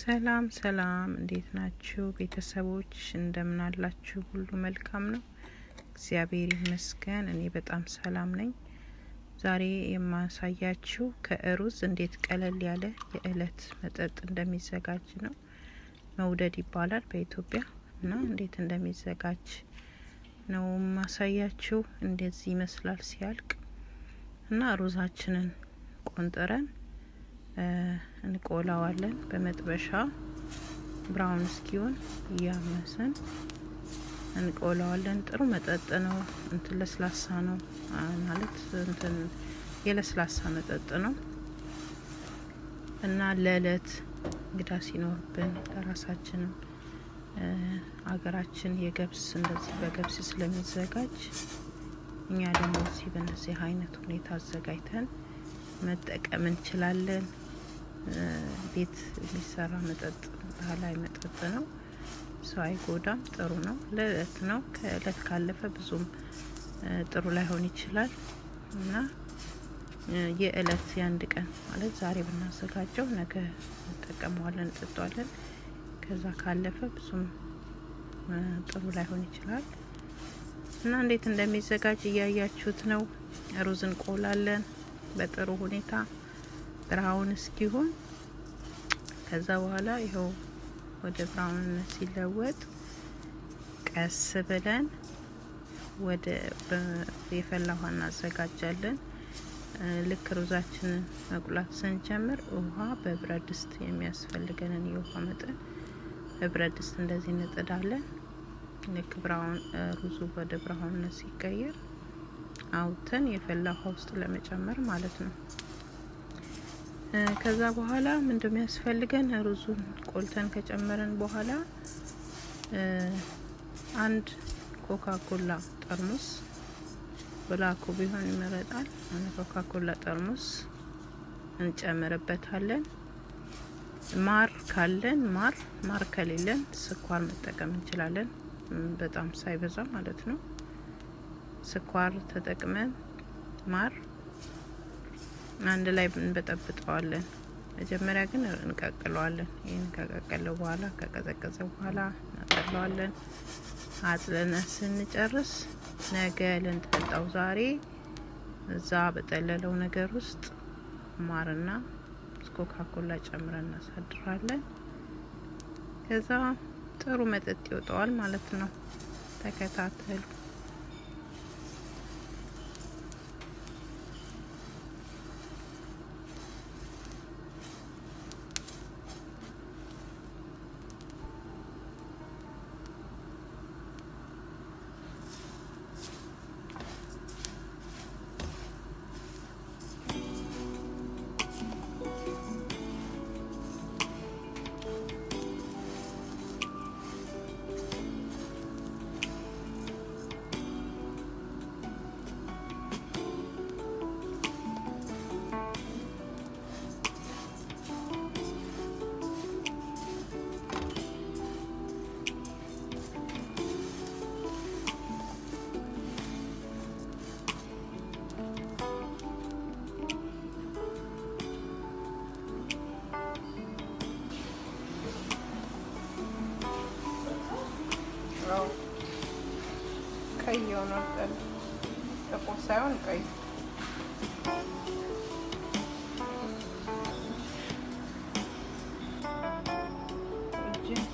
ሰላም ሰላም፣ እንዴት ናችሁ ቤተሰቦች? እንደምን አላችሁ? ሁሉ መልካም ነው? እግዚአብሔር ይመስገን። እኔ በጣም ሰላም ነኝ። ዛሬ የማሳያችሁ ከሩዝ እንዴት ቀለል ያለ የእለት መጠጥ እንደሚዘጋጅ ነው። መውደድ ይባላል በኢትዮጵያ እና እንዴት እንደሚዘጋጅ ነው ማሳያችሁ። እንደዚህ ይመስላል ሲያልቅ እና ሩዛችንን ቆንጥረን እንቆላዋለን በመጥበሻ ብራውን እስኪሆን እያመሰን እንቆላዋለን። ጥሩ መጠጥ ነው። እንትን ለስላሳ ነው ማለት እንትን የለስላሳ መጠጥ ነው እና ለእለት እንግዳ ሲኖርብን ለራሳችንም አገራችን የገብስ እንደዚህ በገብስ ስለሚዘጋጅ እኛ ደግሞ እዚህ በነዚህ አይነት ሁኔታ አዘጋጅተን መጠቀም እንችላለን። ቤት የሚሰራ መጠጥ ባህላዊ መጠጥ ነው። ሰው አይጎዳም። ጥሩ ነው። ለእለት ነው። ከእለት ካለፈ ብዙም ጥሩ ላይሆን ይችላል እና የእለት የአንድ ቀን ማለት ዛሬ ብናዘጋጀው ነገ እንጠቀመዋለን፣ እንጠጧለን። ከዛ ካለፈ ብዙም ጥሩ ላይሆን ይችላል እና እንዴት እንደሚዘጋጅ እያያችሁት ነው። ሩዝ እንቆላለን በጥሩ ሁኔታ ብርሃውን እስኪሆን ከዛ በኋላ ይኸው ወደ ብርሃንነት ሲለወጥ ቀስ ብለን ወደ የፈላ ውሃ እናዘጋጃለን። ልክ ሩዛችንን መቁላት ስንጀምር ውሃ በብረት ድስት የሚያስፈልገንን የውሃ መጠን በብረት ድስት እንደዚህ እንጥዳለን። ልክ ብራውን ሩዙ ወደ ብራውንነት ሲቀየር አውተን የፈላ ውሃ ውስጥ ለመጨመር ማለት ነው። ከዛ በኋላ ምን እንደሚያስፈልገን ሩዙን ቆልተን ከጨመረን በኋላ አንድ ኮካ ኮላ ጠርሙስ ብላኩ ቢሆን ይመረጣል። አንድ ኮካ ኮላ ጠርሙስ እንጨምርበታለን። ማር ካለን ማር ማር ከሌለን ስኳር መጠቀም እንችላለን። በጣም ሳይበዛ ማለት ነው። ስኳር ተጠቅመን ማር አንድ ላይ እንበጠብጠዋለን። መጀመሪያ ግን እንቀቅለዋለን። ይህን ከቀቀለው በኋላ ከቀዘቀዘ በኋላ እናጠለዋለን። አጥለነ ስንጨርስ ነገ ልንጠጣው ዛሬ እዛ በጠለለው ነገር ውስጥ ማርና ኮካኮላ ጨምረን እናሳድራለን። ከዛ ጥሩ መጠጥ ይወጣዋል ማለት ነው። ተከታተሉ። ነው። ቀይ የሆነ ጥቁር ሳይሆን ቀይ እጅ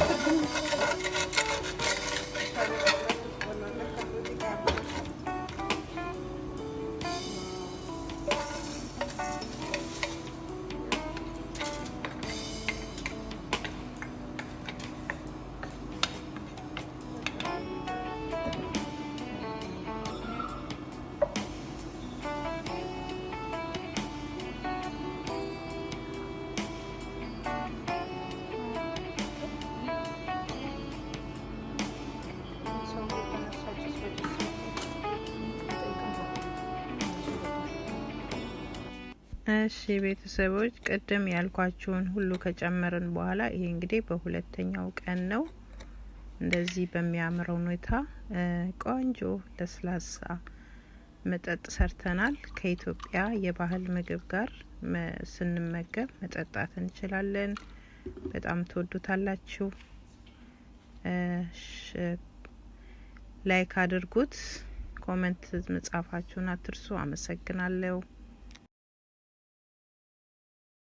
Thank you. እሺ ቤተሰቦች ቅድም ያልኳችሁን ሁሉ ከጨመርን በኋላ ይሄ እንግዲህ በሁለተኛው ቀን ነው። እንደዚህ በሚያምር ሁኔታ ቆንጆ ለስላሳ መጠጥ ሰርተናል። ከኢትዮጵያ የባህል ምግብ ጋር ስንመገብ መጠጣት እንችላለን። በጣም ትወዱታላችሁ። ላይክ አድርጉት፣ ኮመንት መጻፋችሁን አትርሱ። አመሰግናለሁ።